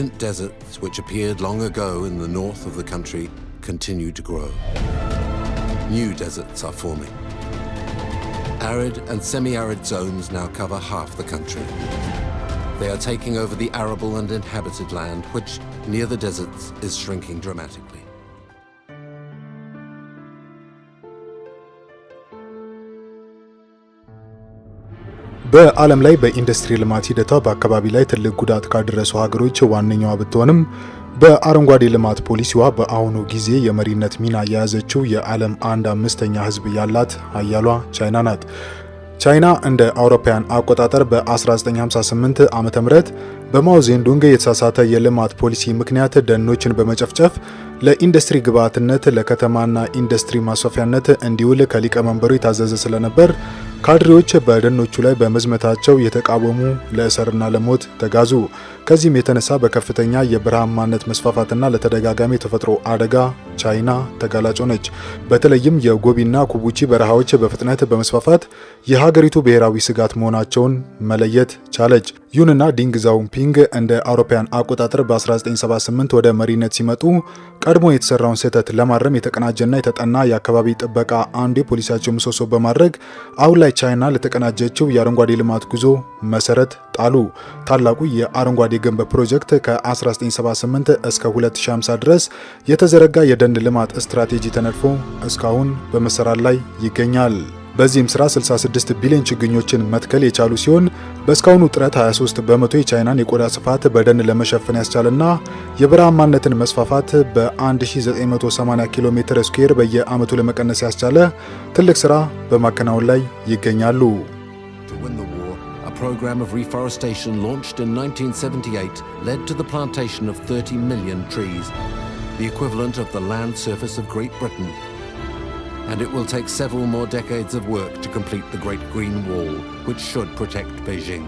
ancient deserts which appeared long ago in the north of the country continue to grow. New deserts are forming. Arid and semi-arid zones now cover half the country. They are taking over the arable and inhabited land, which, near the deserts, is shrinking dramatically. በዓለም ላይ በኢንዱስትሪ ልማት ሂደቷ በአካባቢ ላይ ትልቅ ጉዳት ካደረሱ ሀገሮች ዋነኛዋ ብትሆንም በአረንጓዴ ልማት ፖሊሲዋ በአሁኑ ጊዜ የመሪነት ሚና የያዘችው የዓለም አንድ አምስተኛ ሕዝብ ያላት ሀያሏ ቻይና ናት። ቻይና እንደ አውሮፓውያን አቆጣጠር በ1958 ዓ ም በማኦ ዜዱንግ የተሳሳተ የልማት ፖሊሲ ምክንያት ደኖችን በመጨፍጨፍ ለኢንዱስትሪ ግብዓትነት ለከተማና ኢንዱስትሪ ማስፋፊያነት እንዲውል ከሊቀመንበሩ የታዘዘ ስለነበር ካድሬዎች በደኖቹ ላይ በመዝመታቸው የተቃወሙ ለእስርና ለሞት ተጋዙ። ከዚህም የተነሳ በከፍተኛ የበረሃማነት መስፋፋትና ለተደጋጋሚ የተፈጥሮ አደጋ ቻይና ተጋላጭ ሆነች። በተለይም የጎቢና ኩቡቺ በረሃዎች በፍጥነት በመስፋፋት የሀገሪቱ ብሔራዊ ስጋት መሆናቸውን መለየት ቻለች። ይሁንና ዲንግ ዛውፒንግ እንደ አውሮፓውያን አቆጣጠር በ1978 ወደ መሪነት ሲመጡ ቀድሞ የተሰራውን ስህተት ለማረም የተቀናጀና የተጠና የአካባቢ ጥበቃ አንዱ የፖሊሲያቸው ምሰሶ በማድረግ አሁን ላይ ቻይና ለተቀናጀችው የአረንጓዴ ልማት ጉዞ መሰረት ጣሉ። ታላቁ የአረንጓዴ ገንብ ፕሮጀክት ከ1978 እስከ 2050 ድረስ የተዘረጋ የደን ልማት ስትራቴጂ ተነድፎ እስካሁን በመሰራት ላይ ይገኛል። በዚህም ስራ 66 ቢሊዮን ችግኞችን መትከል የቻሉ ሲሆን በእስካሁኑ ጥረት 23 በመቶ የቻይናን የቆዳ ስፋት በደን ለመሸፈን ያስቻለና የበረሃማነትን መስፋፋት በ1980 ኪሎ ሜትር ስኩዌር በየዓመቱ ለመቀነስ ያስቻለ ትልቅ ስራ በማከናወን ላይ ይገኛሉ። program of reforestation launched in 1978 led to the plantation of 30 million trees, the equivalent of the land surface of Great Britain. And it will take several more decades of work to complete the Great Green Wall, which should protect Beijing.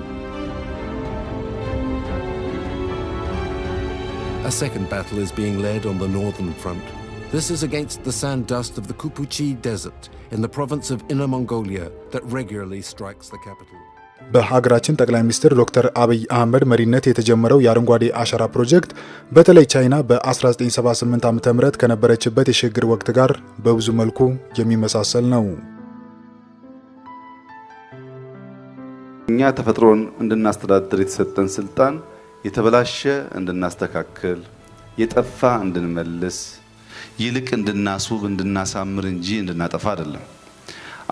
A second battle is being led on the northern front. This is against the sand dust of the Kupuchi Desert in the province of Inner Mongolia that regularly strikes the capital. በሀገራችን ጠቅላይ ሚኒስትር ዶክተር አብይ አህመድ መሪነት የተጀመረው የአረንጓዴ አሻራ ፕሮጀክት በተለይ ቻይና በ1978 ዓ ም ከነበረችበት የሽግግር ወቅት ጋር በብዙ መልኩ የሚመሳሰል ነው። እኛ ተፈጥሮን እንድናስተዳድር የተሰጠን ስልጣን የተበላሸ እንድናስተካክል፣ የጠፋ እንድንመልስ፣ ይልቅ እንድናስውብ፣ እንድናሳምር እንጂ እንድናጠፋ አይደለም።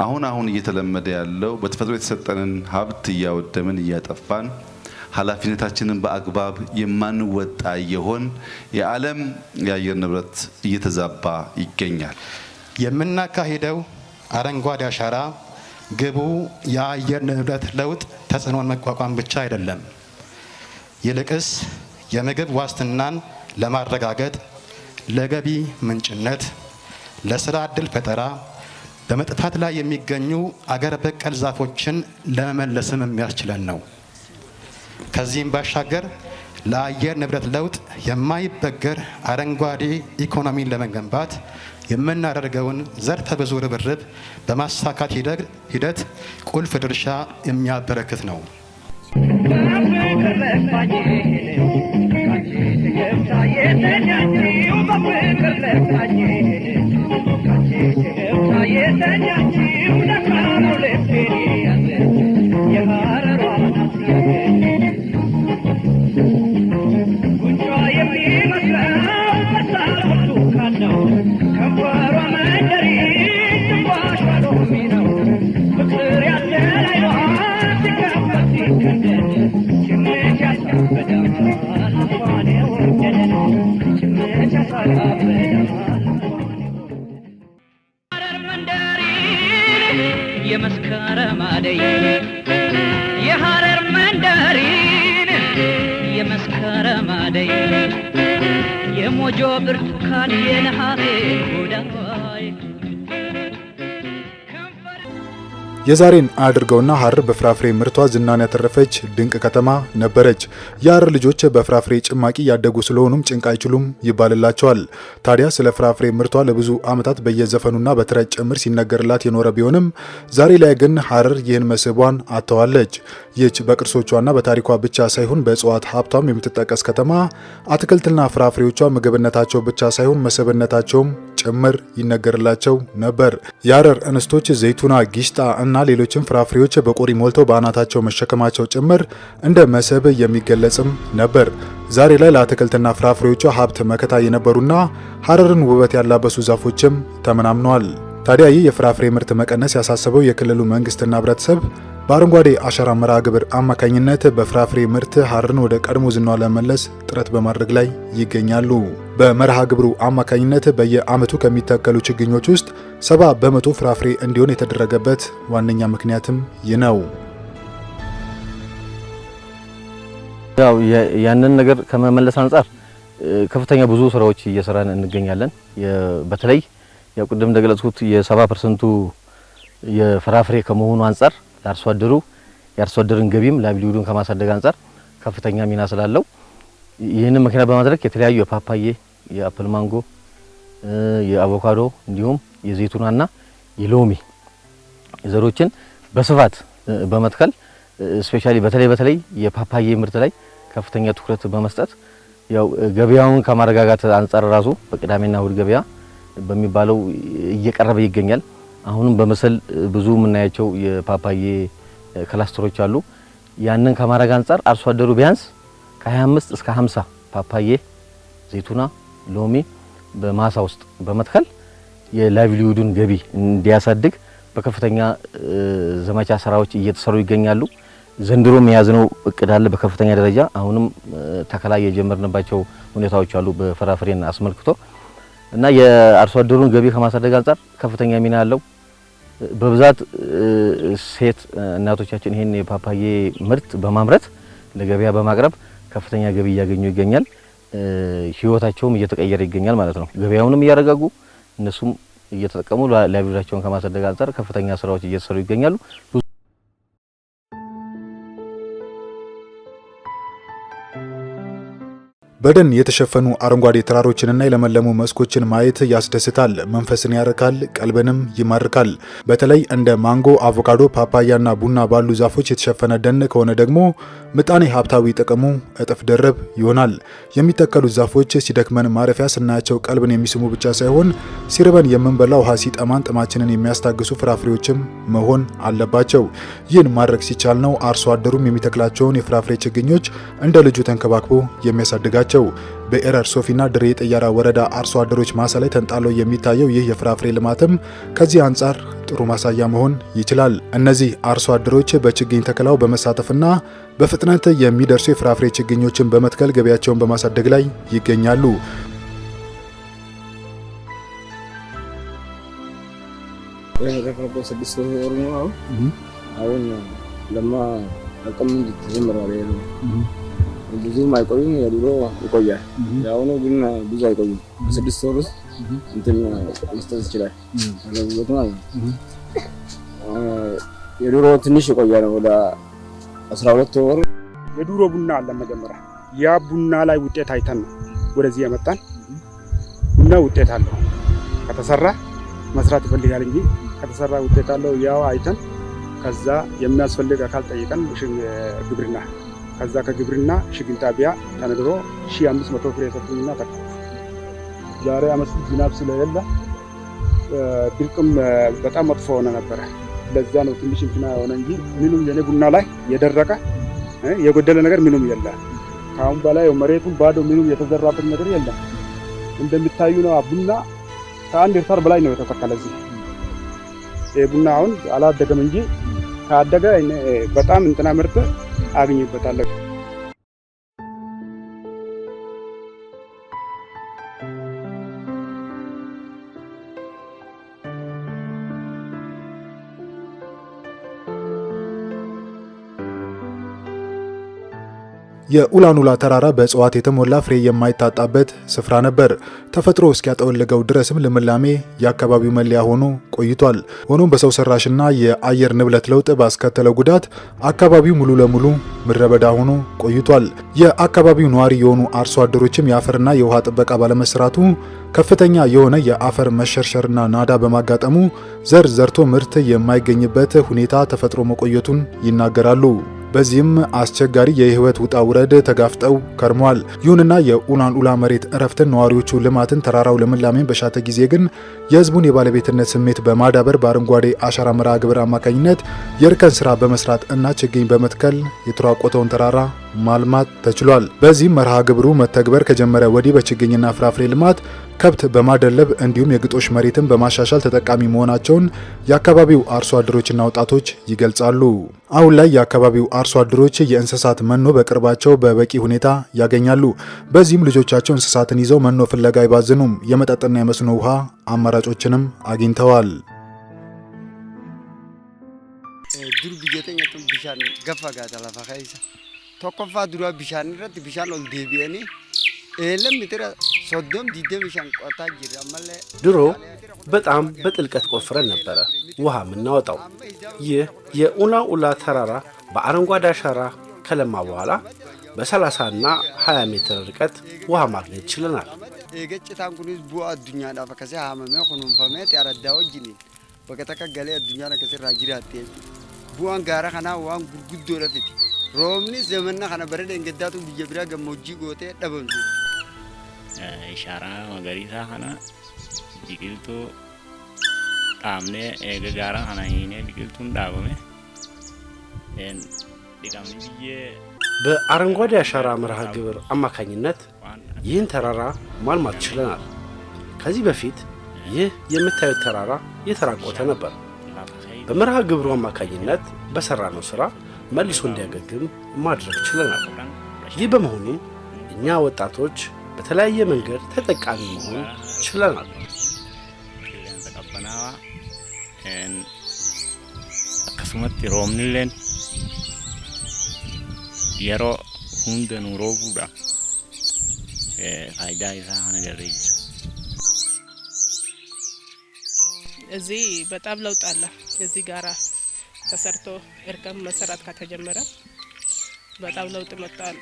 አሁን አሁን እየተለመደ ያለው በተፈጥሮ የተሰጠንን ሀብት እያወደምን እያጠፋን ኃላፊነታችንን በአግባብ የማንወጣ የሆን የዓለም የአየር ንብረት እየተዛባ ይገኛል። የምናካሄደው አረንጓዴ አሻራ ግቡ የአየር ንብረት ለውጥ ተጽዕኖን መቋቋም ብቻ አይደለም። ይልቅስ የምግብ ዋስትናን ለማረጋገጥ ለገቢ ምንጭነት፣ ለስራ ዕድል ፈጠራ በመጥፋት ላይ የሚገኙ አገር በቀል ዛፎችን ለመመለስም የሚያስችለን ነው። ከዚህም ባሻገር ለአየር ንብረት ለውጥ የማይበገር አረንጓዴ ኢኮኖሚን ለመገንባት የምናደርገውን ዘርፈ ብዙ ርብርብ በማሳካት ሂደት ቁልፍ ድርሻ የሚያበረክት ነው። የተኛችው ለካ ነው ልቤን ያዘ የሀረሯ ናፍቆት አደይን የሐረር መንደሪን የመስከረም አደይን የሞጆ ብርቱካን የነሐሴ ጎዳዋ የዛሬን አድርገውና ሀረር በፍራፍሬ ምርቷ ዝናን ያተረፈች ድንቅ ከተማ ነበረች። የሀረር ልጆች በፍራፍሬ ጭማቂ ያደጉ ስለሆኑም ጭንቅ አይችሉም ይባልላቸዋል። ታዲያ ስለ ፍራፍሬ ምርቷ ለብዙ ዓመታት በየዘፈኑና በትረ ጭምር ሲነገርላት የኖረ ቢሆንም ዛሬ ላይ ግን ሀረር ይህን መስህቧን አጥተዋለች። ይች በቅርሶቿና በታሪኳ ብቻ ሳይሆን በእጽዋት ሀብቷም የምትጠቀስ ከተማ አትክልትና ፍራፍሬዎቿ ምግብነታቸው ብቻ ሳይሆን መስህብነታቸውም ጭምር ይነገርላቸው ነበር። የሐረር እንስቶች ዘይቱና፣ ጊሽጣ እና ሌሎችም ፍራፍሬዎች በቆሪ ሞልተው በአናታቸው መሸከማቸው ጭምር እንደ መስህብ የሚገለጽም ነበር። ዛሬ ላይ ለአትክልትና ፍራፍሬዎቹ ሀብት መከታ የነበሩና ሀረርን ውበት ያላበሱ ዛፎችም ተመናምነዋል። ታዲያ ይህ የፍራፍሬ ምርት መቀነስ ያሳሰበው የክልሉ መንግስትና ህብረተሰብ በአረንጓዴ አሻራ መርሃ ግብር አማካኝነት በፍራፍሬ ምርት ሐረርን ወደ ቀድሞ ዝናዋ ለመመለስ ጥረት በማድረግ ላይ ይገኛሉ። በመርሃ ግብሩ አማካኝነት በየዓመቱ ከሚተከሉ ችግኞች ውስጥ ሰባ በመቶ ፍራፍሬ እንዲሆን የተደረገበት ዋነኛ ምክንያትም ይህ ነው። ያው ያንን ነገር ከመመለስ አንጻር ከፍተኛ ብዙ ስራዎች እየሰራን እንገኛለን። በተለይ ያው ቅድም እንደገለጽኩት የሰባ ፐርሰንቱ የፍራፍሬ ከመሆኑ አንጻር ለአርሶ አደሩ የአርሶ አደርን ገቢም ላይቭሊሁዱን ከማሳደግ አንጻር ከፍተኛ ሚና ስላለው ይህንን ምክንያት በማድረግ የተለያዩ የፓፓዬ፣ የአፕል ማንጎ፣ የአቮካዶ እንዲሁም የዘይቱናና የሎሚ ዘሮችን በስፋት በመትከል ስፔሻሊ በተለይ በተለይ የፓፓዬ ምርት ላይ ከፍተኛ ትኩረት በመስጠት ያው ገበያውን ከማረጋጋት አንጻር ራሱ በቅዳሜና እሁድ ገበያ በሚባለው እየቀረበ ይገኛል። አሁንም በመሰል ብዙ የምናያቸው የፓፓዬ ክላስተሮች አሉ። ያንን ከማድረግ አንጻር አርሶ አደሩ ቢያንስ ከ25 እስከ 50 ፓፓዬ፣ ዘይቱና፣ ሎሚ በማሳ ውስጥ በመትከል የላቪሊዩዱን ገቢ እንዲያሳድግ በከፍተኛ ዘመቻ ስራዎች እየተሰሩ ይገኛሉ። ዘንድሮም የያዝነው እቅድ አለ በከፍተኛ ደረጃ። አሁንም ተከላ የጀመርንባቸው ሁኔታዎች አሉ። በፍራፍሬን አስመልክቶ እና የአርሶ አደሩን ገቢ ከማሳደግ አንጻር ከፍተኛ ሚና አለው። በብዛት ሴት እናቶቻችን ይህን የፓፓዬ ምርት በማምረት ለገበያ በማቅረብ ከፍተኛ ገቢ እያገኙ ይገኛል። ህይወታቸውም እየተቀየረ ይገኛል ማለት ነው። ገበያውንም እያረጋጉ እነሱም እየተጠቀሙ ላይብራቸውን ከማሳደግ አንጻር ከፍተኛ ስራዎች እየተሰሩ ይገኛሉ። በደን የተሸፈኑ አረንጓዴ ተራሮችንና የለመለሙ መስኮችን ማየት ያስደስታል፣ መንፈስን ያርካል፣ ቀልብንም ይማርካል። በተለይ እንደ ማንጎ፣ አቮካዶ፣ ፓፓያና ቡና ባሉ ዛፎች የተሸፈነ ደን ከሆነ ደግሞ ምጣኔ ሀብታዊ ጥቅሙ እጥፍ ድርብ ይሆናል። የሚተከሉት ዛፎች ሲደክመን ማረፊያ፣ ስናያቸው ቀልብን የሚስሙ ብቻ ሳይሆን ሲርበን የምንበላ ውሃ፣ ሲጠማን ጥማችንን የሚያስታግሱ ፍራፍሬዎችም መሆን አለባቸው። ይህን ማድረግ ሲቻል ነው አርሶ አደሩም የሚተክላቸውን የፍራፍሬ ችግኞች እንደ ልጁ ተንከባክቦ የሚያሳድጋቸው። ናቸው። በኤረር ሶፊና ድሬ ጠያራ ወረዳ አርሶ አደሮች ማሳ ላይ ተንጣሎ የሚታየው ይህ የፍራፍሬ ልማትም ከዚህ አንጻር ጥሩ ማሳያ መሆን ይችላል። እነዚህ አርሶ አደሮች በችግኝ ተከላው በመሳተፍና በፍጥነት የሚደርሱ የፍራፍሬ ችግኞችን በመትከል ገበያቸውን በማሳደግ ላይ ይገኛሉ። አሁን ለማ አቅም ብዙም አይቆይም። የድሮ ይቆያል። የአሁኑ ግን ብዙ አይቆይም። በስድስት ወር ውስጥ እንትን መስጠት ይችላል አገልግሎት ማለት ነው። የድሮ ትንሽ ይቆያል ወደ አስራ ሁለት ወር የድሮ ቡና አለ። መጀመሪያ ያ ቡና ላይ ውጤት አይተን ነው ወደዚህ የመጣን። ቡና ውጤት አለው ከተሰራ መስራት ይፈልጋል እንጂ ከተሰራ ውጤት አለው። ያው አይተን ከዛ የሚያስፈልግ አካል ጠይቀን ግብርና ከዛ ከግብርና ሽግን ጣቢያ ተነግሮ 1500 ፍሬ ሰጡኝና ተ ዛሬ አመት ዝናብ ስለሌለ ድርቅም በጣም መጥፎ ሆነ ነበረ። ለዛ ነው ትንሽ እንትና የሆነ እንጂ ምንም የኔ ቡና ላይ የደረቀ የጎደለ ነገር ምንም የለ። ከአሁን በላይ መሬቱን ባዶ ምንም የተዘራበት ነገር የለም። እንደሚታዩ ነው ቡና ከአንድ ሄክታር በላይ ነው የተተከለ እዚህ። ቡና አሁን አላደገም እንጂ ካደገ በጣም እንትና ምርጥ አግኝበታለሁ። የኡላኑላ ተራራ በእጽዋት የተሞላ ፍሬ የማይታጣበት ስፍራ ነበር። ተፈጥሮ እስኪያጠወልገው ድረስም ልምላሜ የአካባቢው መለያ ሆኖ ቆይቷል። ሆኖም በሰው ሰራሽና የአየር ንብረት ለውጥ ባስከተለው ጉዳት አካባቢው ሙሉ ለሙሉ ምድረበዳ ሆኖ ቆይቷል። የአካባቢው ነዋሪ የሆኑ አርሶ አደሮችም የአፈርና የውሃ ጥበቃ ባለመስራቱ ከፍተኛ የሆነ የአፈር መሸርሸርና ናዳ በማጋጠሙ ዘር ዘርቶ ምርት የማይገኝበት ሁኔታ ተፈጥሮ መቆየቱን ይናገራሉ። በዚህም አስቸጋሪ የህይወት ውጣ ውረድ ተጋፍጠው ከርመዋል። ይሁንና የኡላን ኡላ መሬት እረፍትን፣ ነዋሪዎቹ ልማትን፣ ተራራው ልምላሜን በሻተ ጊዜ ግን የህዝቡን የባለቤትነት ስሜት በማዳበር በአረንጓዴ አሻራ መርሃ ግብር አማካኝነት የእርከን ስራ በመስራት እና ችግኝ በመትከል የተራቆተውን ተራራ ማልማት ተችሏል። በዚህም መርሃ ግብሩ መተግበር ከጀመረ ወዲህ በችግኝና ፍራፍሬ ልማት ከብት በማደለብ እንዲሁም የግጦሽ መሬትን በማሻሻል ተጠቃሚ መሆናቸውን የአካባቢው አርሶ አደሮችና ወጣቶች ይገልጻሉ። አሁን ላይ የአካባቢው አርሶ አደሮች የእንስሳት መኖ በቅርባቸው በበቂ ሁኔታ ያገኛሉ። በዚህም ልጆቻቸው እንስሳትን ይዘው መኖ ፍለጋ አይባዝኑም። የመጠጥና የመስኖ ውሃ አማራጮችንም አግኝተዋል። ዱር ብየተኛ ገፋ tokkoffaa dura bishaan irratti bishaan ol deebi'anii eelem mitira soddom diidem bishaan qotaa jirra ammallee ድሮ በጣም በጥልቀት ቆፍረን ነበረ ውሃ የምናወጣው። ይህ የኡላ ኡላ ተራራ በአረንጓዴ አሻራ ከለማ በኋላ በ30 እና 20 ሜትር ርቀት ውሃ ማግኘት ችለናል። የገጭታን ኩኒስ ቡ አዱኛ ዳፈ ከሴ ሀመሜ ኩኑንፈሜት ያረዳ ወጅኒ በከተከገሌ አዱኛ ነከሴ ራጅራቴ ቡዋን ጋራ ከና ዋን ጉርጉዶ ረፊት roobni zemanna kana bara dheengaddaatu biyya biraa gammoojjii gootee dhabamtu. Ishaaraa magariisaa kana biqiltuu dhaabnee eega gaara kana hiinee biqiltuun dhaabame dhiqamni biyyee በአረንጓዴ አሻራ መርሃ ግብር አማካኝነት ይህን ተራራ ማልማት ችለናል። ከዚህ በፊት ይህ የምታዩት ተራራ የተራቆተ ነበር። በመርሃ ግብሩ አማካኝነት በሰራነው ስራ መልሶ እንዲያገግም ማድረግ ችለናል። ይህ በመሆኑ እኛ ወጣቶች በተለያየ መንገድ ተጠቃሚ መሆን ችለናል። አካስመት ሮምንሌን የሮ ሁንደ ኑሮ ጉዳ ፋይዳ ይዛ ነገር እዚህ በጣም ለውጥ አለ እዚህ ጋራ ተሰርቶ እርከን መሰራት ከተጀመረ በጣም ለውጥ መጥቷል።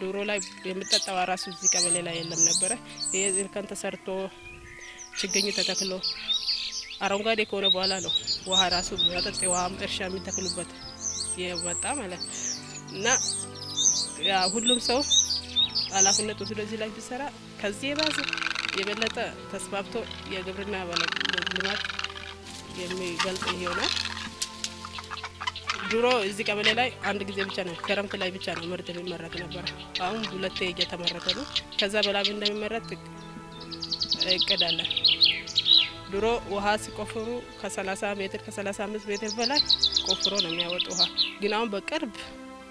ዶሮ ላይ የምጠጣው ራሱ እዚህ ቀበሌ ላይ የለም ነበረ። ይህ እርከን ተሰርቶ ችግኝ ተተክሎ አረንጓዴ ከሆነ በኋላ ነው ውሃ ራሱ መጠጥ ውሃም እርሻ የሚተክሉበት የመጣ ማለት እና ያ ሁሉም ሰው ኃላፊነት ወስዶ እዚህ ላይ ቢሰራ ከዚህ የባሰ የበለጠ ተስፋፍቶ የግብርና ልማት የሚገልጽ ይሆናል። ድሮ እዚህ ቀበሌ ላይ አንድ ጊዜ ብቻ ነው ክረምት ላይ ብቻ ነው ምርት የሚመረት ነበር። አሁን ሁለቴ እየተመረተ ነው። ከዛ በላይ እንደሚመረት እቅዳለን። ድሮ ውሃ ሲቆፍሩ ከ30 ሜትር ከ35 ሜትር በላይ ቆፍሮ ነው የሚያወጡ ውሃ። ግን አሁን በቅርብ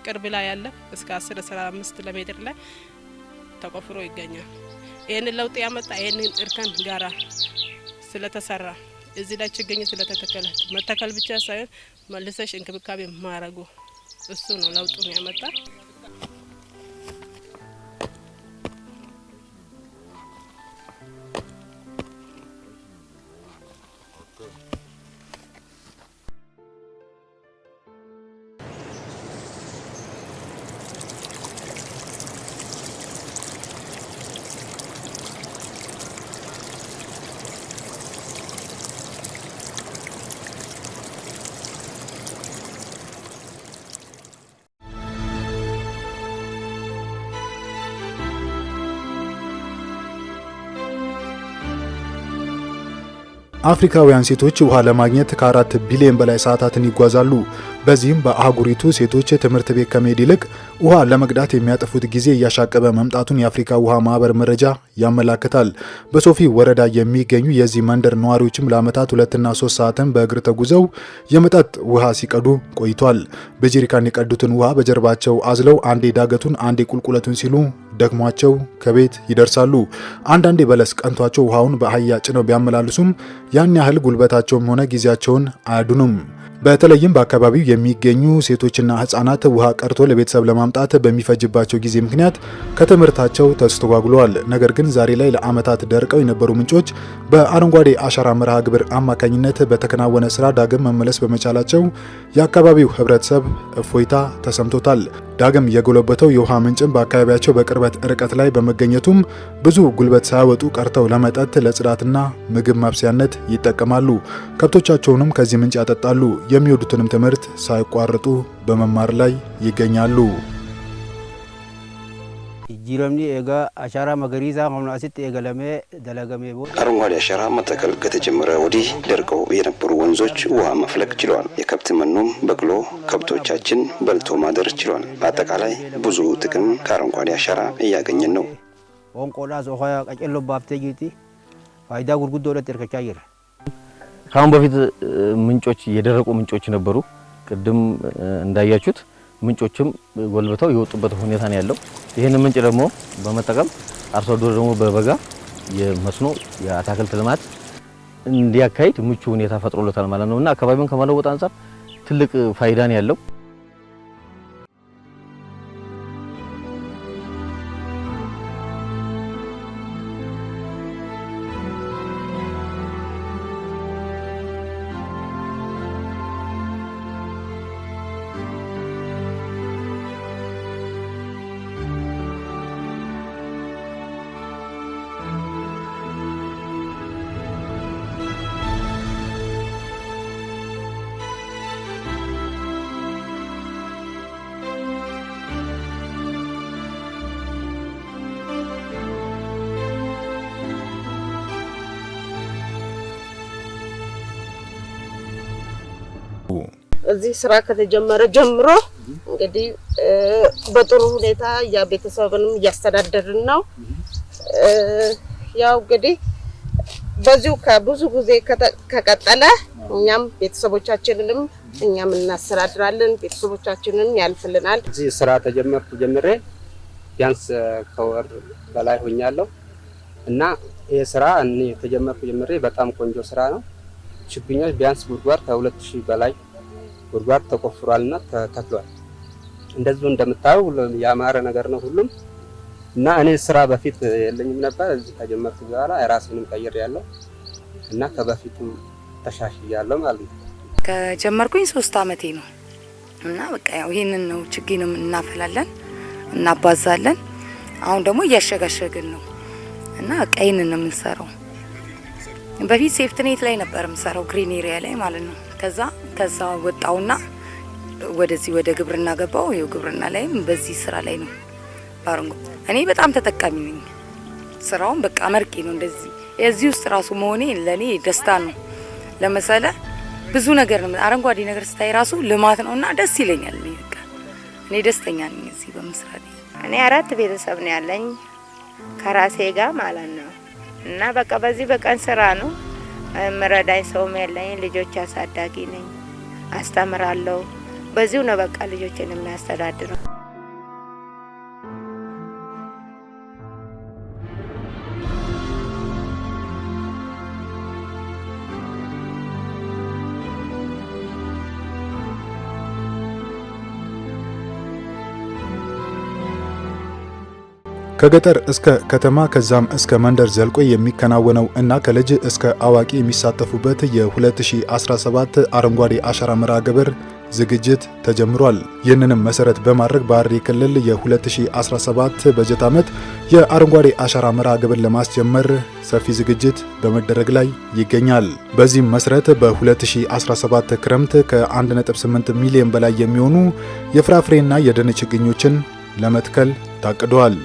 ቅርብ ላይ ያለ እስከ 10 15 ሜትር ላይ ተቆፍሮ ይገኛል። ይህንን ለውጥ ያመጣ ይህንን እርከን ጋራ ስለተሰራ እዚህ ላይ ችግኝ ስለተተከላችሁ መተከል ብቻ ሳይሆን መልሰሽ እንክብካቤ ማረጉ እሱ ነው ለውጡ ያመጣ አፍሪካውያን ሴቶች ውሃ ለማግኘት ከአራት ቢሊዮን በላይ ሰዓታትን ይጓዛሉ። በዚህም በአህጉሪቱ ሴቶች ትምህርት ቤት ከመሄድ ይልቅ ውሃ ለመቅዳት የሚያጠፉት ጊዜ እያሻቀበ መምጣቱን የአፍሪካ ውሃ ማህበር መረጃ ያመላክታል። በሶፊ ወረዳ የሚገኙ የዚህ መንደር ነዋሪዎችም ለዓመታት ሁለትና ሶስት ሰዓትን በእግር ተጉዘው የመጠጥ ውሃ ሲቀዱ ቆይቷል። በጀሪካን የቀዱትን ውሃ በጀርባቸው አዝለው አንዴ ዳገቱን አንዴ ቁልቁለቱን ሲሉ ደክሟቸው ከቤት ይደርሳሉ። አንዳንዴ በለስ ቀንቷቸው ውሃውን በአህያ ጭነው ቢያመላልሱም ያን ያህል ጉልበታቸውም ሆነ ጊዜያቸውን አያድኑም። በተለይም በአካባቢው የሚገኙ ሴቶችና ህጻናት ውሃ ቀርቶ ለቤተሰብ ለማምጣት በሚፈጅባቸው ጊዜ ምክንያት ከትምህርታቸው ተስተጓጉለዋል። ነገር ግን ዛሬ ላይ ለአመታት ደርቀው የነበሩ ምንጮች በአረንጓዴ አሻራ መርሃ ግብር አማካኝነት በተከናወነ ስራ ዳግም መመለስ በመቻላቸው የአካባቢው ህብረተሰብ እፎይታ ተሰምቶታል። ዳግም የጎለበተው የውሃ ምንጭም በአካባቢያቸው በቅርበት ርቀት ላይ በመገኘቱም ብዙ ጉልበት ሳያወጡ ቀርተው ለመጠጥ ለጽዳትና ምግብ ማብሰያነት ይጠቀማሉ። ከብቶቻቸውንም ከዚህ ምንጭ ያጠጣሉ። የሚወዱትንም ትምህርት ሳይቋርጡ በመማር ላይ ይገኛሉ። ጅረምኒ ኤጋ አሻራ መገሪዛ ሆምናሲት ኤገለሜ ደለገሜ አረንጓዴ አሻራ መተከል ከተጀመረ ወዲህ ደርቀው የነበሩ ወንዞች ውሃ መፍለቅ ችለዋል። የከብት መኖም በቅሎ ከብቶቻችን በልቶ ማደር ችለዋል። በአጠቃላይ ብዙ ጥቅም ከአረንጓዴ አሻራ እያገኘን ነው። ኦንቆላ ሶሆያ ቀጨሎ ባብቴ ፋይዳ ጉርጉዶ ለት ከአሁን በፊት ምንጮች የደረቁ ምንጮች ነበሩ። ቅድም እንዳያችሁት ምንጮችም ጎልብተው የወጡበት ሁኔታ ነው ያለው። ይህንን ምንጭ ደግሞ በመጠቀም አርሶ አደሩ ደግሞ በበጋ የመስኖ የአታክልት ልማት እንዲያካሂድ ምቹ ሁኔታ ፈጥሮለታል ማለት ነው እና አካባቢውን ከመለወጥ አንጻር ትልቅ ፋይዳ ነው ያለው እዚህ ስራ ከተጀመረ ጀምሮ እንግዲህ በጥሩ ሁኔታ ያ ቤተሰብንም እያስተዳደርን ነው። ያው እንግዲህ በዚሁ ከብዙ ጊዜ ከቀጠለ እኛም ቤተሰቦቻችንንም እኛም እናስተዳድራለን፣ ቤተሰቦቻችንን ያልፍልናል። እዚህ ስራ ተጀመርኩ ጀምሬ ቢያንስ ከወር በላይ ሆኛለሁ እና ይህ ስራ እኔ ተጀመርኩ ጀምሬ በጣም ቆንጆ ስራ ነው። ችግኞች ቢያንስ ጉድጓድ ከሁለት ሺህ በላይ ጉድጓድ ተቆፍሯልና ተተክሏል። እንደዚሁ እንደምታየው ያማረ ነገር ነው ሁሉም እና እኔ ስራ በፊት የለኝም ነበር። እዚህ ከጀመርኩ በኋላ ራሴንም ቀይር ያለው እና ከበፊቱ ተሻሽያለሁ ማለት ነው። ከጀመርኩኝ ሶስት አመቴ ነው እና በቃ ያው ይህንን ነው ችግኝም እናፈላለን እናባዛለን። አሁን ደግሞ እያሸጋሸግን ነው እና በቃ ይህንን ነው የምንሰራው። በፊት ሴፍትኔት ላይ ነበር የምሰራው ግሪን ኤሪያ ላይ ማለት ነው። ከዛ ከዛ ወጣውና ወደዚህ ወደ ግብርና ገባው። ይኸው ግብርና ላይም በዚህ ስራ ላይ ነው ባረንጎ። እኔ በጣም ተጠቃሚ ነኝ። ስራውን በቃ መርቂ ነው። እንደዚህ የዚህ ውስጥ ራሱ መሆኔ ለኔ ደስታ ነው። ለመሰለ ብዙ ነገር ነው። አረንጓዴ ነገር ስታይ ራሱ ልማት ነውና ደስ ይለኛል። እኔ በቃ እኔ ደስተኛ ነኝ እዚህ በመስራት። እኔ አራት ቤተሰብ ነው ያለኝ ከራሴ ጋር ማለት ነው። እና በቃ በዚህ በቀን ስራ ነው። ምረዳኝ ሰውም የለኝ። ልጆች አሳዳጊ ነኝ። አስተምራለሁ። በዚሁ ነው በቃ ልጆችን የሚያስተዳድረው። ከገጠር እስከ ከተማ ከዛም እስከ መንደር ዘልቆ የሚከናወነው እና ከልጅ እስከ አዋቂ የሚሳተፉበት የ2017 አረንጓዴ አሻራ መርሃ ግብር ዝግጅት ተጀምሯል። ይህንንም መሰረት በማድረግ ሐረሪ ክልል የ2017 በጀት ዓመት የአረንጓዴ አሻራ መርሃ ግብር ለማስጀመር ሰፊ ዝግጅት በመደረግ ላይ ይገኛል። በዚህም መሰረት በ2017 ክረምት ከ1.8 ሚሊዮን በላይ የሚሆኑ የፍራፍሬና የደን ችግኞችን ለመትከል ታቅደዋል።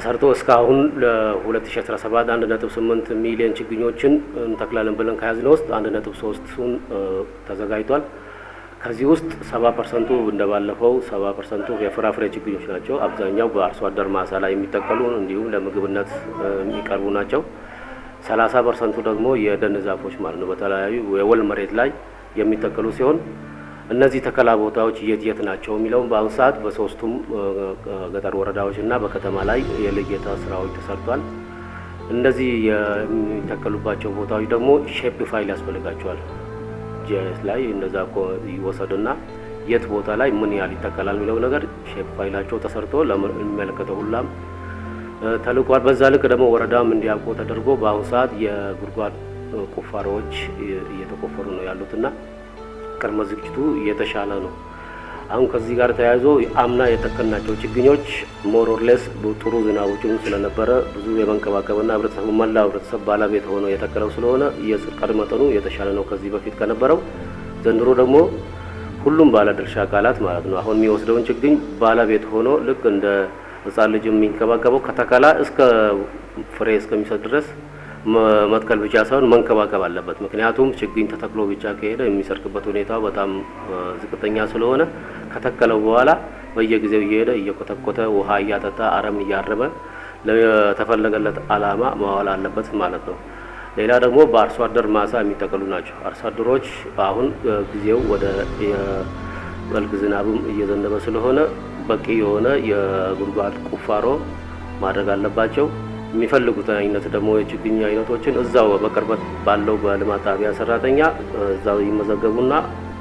ተሰርቶ እስካሁን ለ2017 1.8 ሚሊዮን ችግኞችን እንተክላለን ብለን ከያዝነው ውስጥ 1.3ቱን ተዘጋጅቷል። ከዚህ ውስጥ 70 ፐርሰንቱ እንደባለፈው 70 ፐርሰንቱ የፍራፍሬ ችግኞች ናቸው። አብዛኛው በአርሶ አደር ማሳ ላይ የሚጠቀሉ እንዲሁም ለምግብነት የሚቀርቡ ናቸው። 30 ፐርሰንቱ ደግሞ የደን ዛፎች ማለት ነው። በተለያዩ የወል መሬት ላይ የሚተከሉ ሲሆን እነዚህ ተከላ ቦታዎች የት የት ናቸው የሚለውም በአሁኑ ሰዓት በሶስቱም ገጠር ወረዳዎች እና በከተማ ላይ የልየታ ስራዎች ተሰርቷል። እነዚህ የሚተከሉባቸው ቦታዎች ደግሞ ሼፕ ፋይል ያስፈልጋቸዋል። ጂአይኤስ ላይ እነዛ ይወሰዱና የት ቦታ ላይ ምን ያህል ይተከላል የሚለው ነገር ሼፕ ፋይላቸው ተሰርቶ ለሚመለከተው ሁላም ተልቋል። በዛ ልክ ደግሞ ወረዳም እንዲያውቁ ተደርጎ በአሁኑ ሰዓት የጉድጓድ ቁፋሮዎች እየተቆፈሩ ነው ያሉትና ቅድመ ዝግጅቱ የተሻለ ነው። አሁን ከዚህ ጋር ተያይዞ አምና የተከልናቸው ችግኞች ሞሮርሌስ ጥሩ ዝናቦችም ስለነበረ ብዙ የመንከባከብና ህብረተሰቡ መላ ህብረተሰብ ባለቤት ሆኖ የተከለው ስለሆነ የጽድቀት መጠኑ የተሻለ ነው ከዚህ በፊት ከነበረው። ዘንድሮ ደግሞ ሁሉም ባለድርሻ አካላት ማለት ነው አሁን የሚወስደውን ችግኝ ባለቤት ሆኖ ልክ እንደ ህጻን ልጅ የሚንከባከበው ከተከላ እስከ ፍሬ እስከሚሰጥ ድረስ መትከል ብቻ ሳይሆን መንከባከብ አለበት። ምክንያቱም ችግኝ ተተክሎ ብቻ ከሄደ የሚሰርቅበት ሁኔታ በጣም ዝቅተኛ ስለሆነ ከተከለው በኋላ በየጊዜው እየሄደ እየኮተኮተ ውሃ እያጠጣ አረም እያረመ ለተፈለገለት ዓላማ ማዋል አለበት ማለት ነው። ሌላ ደግሞ በአርሶ አደር ማሳ የሚጠቀሉ ናቸው። አርሶ አደሮች አሁን ጊዜው ወደ የበልግ ዝናብም እየዘነበ ስለሆነ በቂ የሆነ የጉድጓድ ቁፋሮ ማድረግ አለባቸው። የሚፈልጉት አይነት ደግሞ የችግኝ አይነቶችን እዛው በቅርበት ባለው በልማት ጣቢያ ሰራተኛ እዛው ይመዘገቡና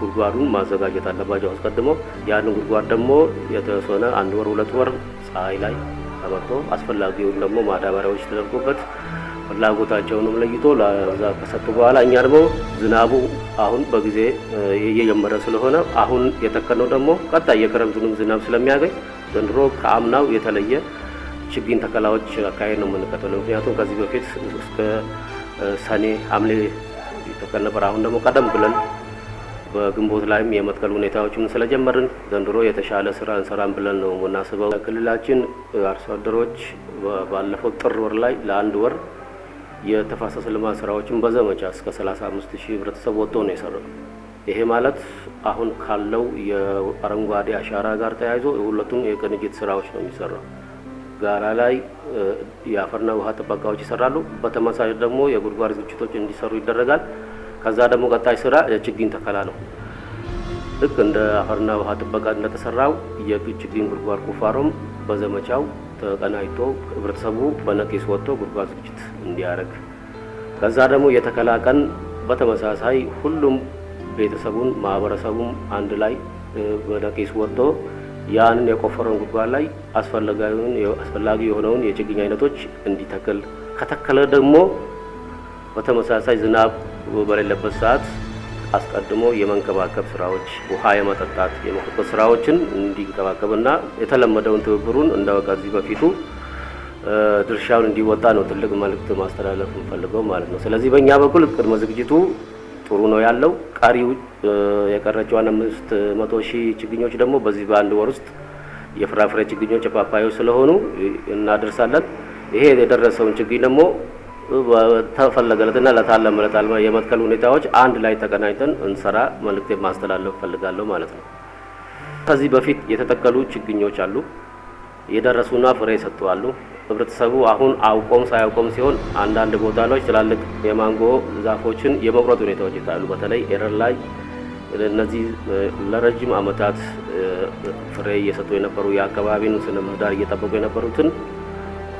ጉድጓዱን ማዘጋጀት አለባቸው አስቀድሞ ያን ጉድጓድ ደግሞ የተወሰነ አንድ ወር ሁለት ወር ፀሐይ ላይ ተመርቶ አስፈላጊውን ደግሞ ማዳበሪያዎች ተደርጎበት ፍላጎታቸውንም ለይቶ ለዛ ከሰጡ በኋላ እኛ ደግሞ ዝናቡ አሁን በጊዜ እየጀመረ ስለሆነ አሁን የተከነው ደግሞ ቀጣይ የክረምቱንም ዝናብ ስለሚያገኝ ዘንድሮ ከአምናው የተለየ ችግኝ ተከላዎች አካሄድ ነው የምንቀጥለው። ምክንያቱም ከዚህ በፊት እስከ ሰኔ ሐምሌ ይተከል ነበር። አሁን ደግሞ ቀደም ብለን በግንቦት ላይም የመትከል ሁኔታዎችን ስለጀመርን ዘንድሮ የተሻለ ስራ እንሰራን ብለን ነው የምናስበው። ክልላችን አርሶ አደሮች ባለፈው ጥር ወር ላይ ለአንድ ወር የተፋሰስ ልማት ስራዎችን በዘመቻ እስከ 35 ሺህ ህብረተሰብ ወጥቶ ነው የሰራው። ይሄ ማለት አሁን ካለው የአረንጓዴ አሻራ ጋር ተያይዞ ሁለቱም የቅንጅት ስራዎች ነው የሚሰራው። ጋራ ላይ የአፈርና ውሃ ጥበቃዎች ይሰራሉ። በተመሳሳይ ደግሞ የጉድጓድ ዝግጅቶች እንዲሰሩ ይደረጋል። ከዛ ደግሞ ቀጣይ ስራ የችግኝ ተከላ ነው። ልክ እንደ አፈርና ውሃ ጥበቃ እንደተሰራው የችግኝ ጉድጓድ ቁፋሮም በዘመቻው ተቀናጅቶ ህብረተሰቡ በነቂስ ወጥቶ ጉድጓድ ዝግጅት እንዲያደርግ፣ ከዛ ደግሞ የተከላ ቀን በተመሳሳይ ሁሉም ቤተሰቡን ማህበረሰቡም አንድ ላይ በነቂስ ወጥቶ ያንን የቆፈረን ጉድጓድ ላይ አስፈላጊ የሆነውን የችግኝ አይነቶች እንዲተክል ከተከለ ደግሞ በተመሳሳይ ዝናብ በሌለበት ሰዓት አስቀድሞ የመንከባከብ ስራዎች፣ ውሃ የመጠጣት የመኮትኮት ስራዎችን እንዲንከባከብና የተለመደውን ትብብሩን እንዳወቃ ከዚህ በፊቱ ድርሻውን እንዲወጣ ነው ትልቅ መልእክት ማስተላለፍ እንፈልገው ማለት ነው። ስለዚህ በእኛ በኩል ቅድመ ዝግጅቱ ጥሩ ነው ያለው። ቀሪው የቀረችዋን አምስት መቶ ሺህ ችግኞች ደግሞ በዚህ በአንድ ወር ውስጥ የፍራፍሬ ችግኞች የፓፓዮች ስለሆኑ እናደርሳለን። ይሄ የደረሰውን ችግኝ ደግሞ ተፈለገለትና ለታለመለት የመትከል ሁኔታዎች አንድ ላይ ተቀናኝተን እንሰራ መልእክት ማስተላለፍ ፈልጋለሁ ማለት ነው። ከዚህ በፊት የተተከሉ ችግኞች አሉ። እየደረሱና ፍሬ ሰጥተዋሉ። ህብረተሰቡ አሁን አውቆም ሳያውቆም ሲሆን አንዳንድ ላይ ትላልቅ የማንጎ ዛፎችን የመቁረጥ ሁኔታዎች ይታሉ። በተለይ ኤረር ላይ እነዚህ ለረጅም ዓመታት ፍሬ እየሰጡ የነበሩ የአካባቢን ስነ ምህዳር እየጠበቁ የነበሩትን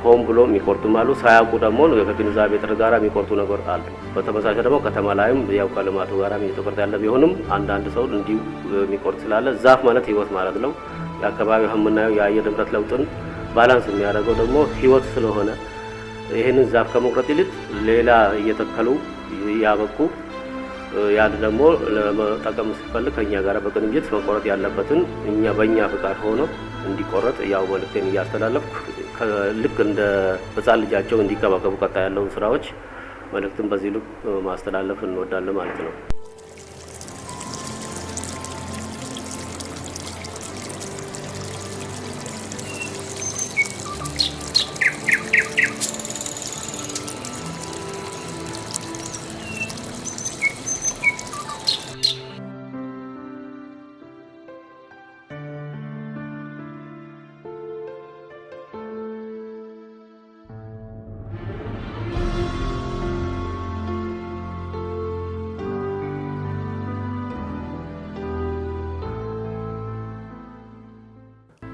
ሆን ብሎ የሚቆርጡም አሉ። ሳያውቁ ደግሞ ከግንዛቤ እጥረት ጋር የሚቆርጡ ነገር አሉ። በተመሳሳይ ደግሞ ከተማ ላይም ያው ከልማቱ ጋር እየተቆረጠ ያለ ቢሆንም አንዳንድ ሰው እንዲሁ የሚቆርጥ ስላለ ዛፍ ማለት ህይወት ማለት ነው። የአካባቢው የምናየው የአየር ንብረት ለውጥን ባላንስ የሚያደርገው ደግሞ ህይወት ስለሆነ ይህንን ዛፍ ከመቁረጥ ይልቅ ሌላ እየተከሉ እያበቁ ያን ደግሞ ለመጠቀም ሲፈልግ ከእኛ ጋር በቅንጅት መቆረጥ ያለበትን እኛ በእኛ ፍቃድ ሆኖ እንዲቆረጥ ያው መልእክቴን እያስተላለፍኩ ልክ እንደ ህፃን ልጃቸው እንዲከባከቡ ቀጣ ያለውን ስራዎች መልእክትን በዚህ ልክ ማስተላለፍ እንወዳለን ማለት ነው።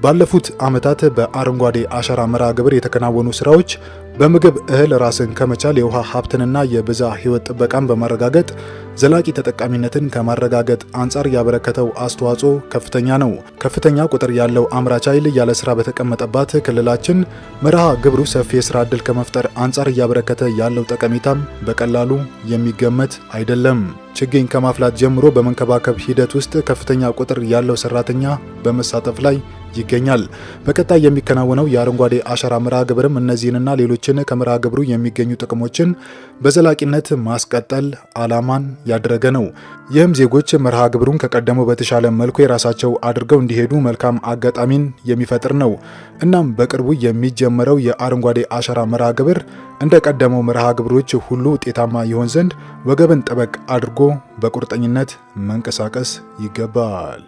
ባለፉት ዓመታት በአረንጓዴ አሻራ መርሃ ግብር የተከናወኑ ስራዎች በምግብ እህል ራስን ከመቻል የውሃ ሀብትንና የብዝሃ ሕይወት ጥበቃን በማረጋገጥ ዘላቂ ተጠቃሚነትን ከማረጋገጥ አንጻር ያበረከተው አስተዋጽኦ ከፍተኛ ነው። ከፍተኛ ቁጥር ያለው አምራች ኃይል ያለ ስራ በተቀመጠባት ክልላችን መርሃ ግብሩ ሰፊ የስራ ዕድል ከመፍጠር አንጻር እያበረከተ ያለው ጠቀሜታም በቀላሉ የሚገመት አይደለም። ችግኝ ከማፍላት ጀምሮ በመንከባከብ ሂደት ውስጥ ከፍተኛ ቁጥር ያለው ሰራተኛ በመሳተፍ ላይ ይገኛል። በቀጣይ የሚከናወነው የአረንጓዴ አሻራ መርሃ ግብርም እነዚህንና ሌሎችን ከመርሃ ግብሩ የሚገኙ ጥቅሞችን በዘላቂነት ማስቀጠል ዓላማን ያደረገ ነው። ይህም ዜጎች መርሃ ግብሩን ከቀደመው በተሻለ መልኩ የራሳቸው አድርገው እንዲሄዱ መልካም አጋጣሚን የሚፈጥር ነው። እናም በቅርቡ የሚጀመረው የአረንጓዴ አሻራ መርሃ ግብር እንደ ቀደመው መርሃ ግብሮች ሁሉ ውጤታማ ይሆን ዘንድ ወገብን ጠበቅ አድርጎ በቁርጠኝነት መንቀሳቀስ ይገባል።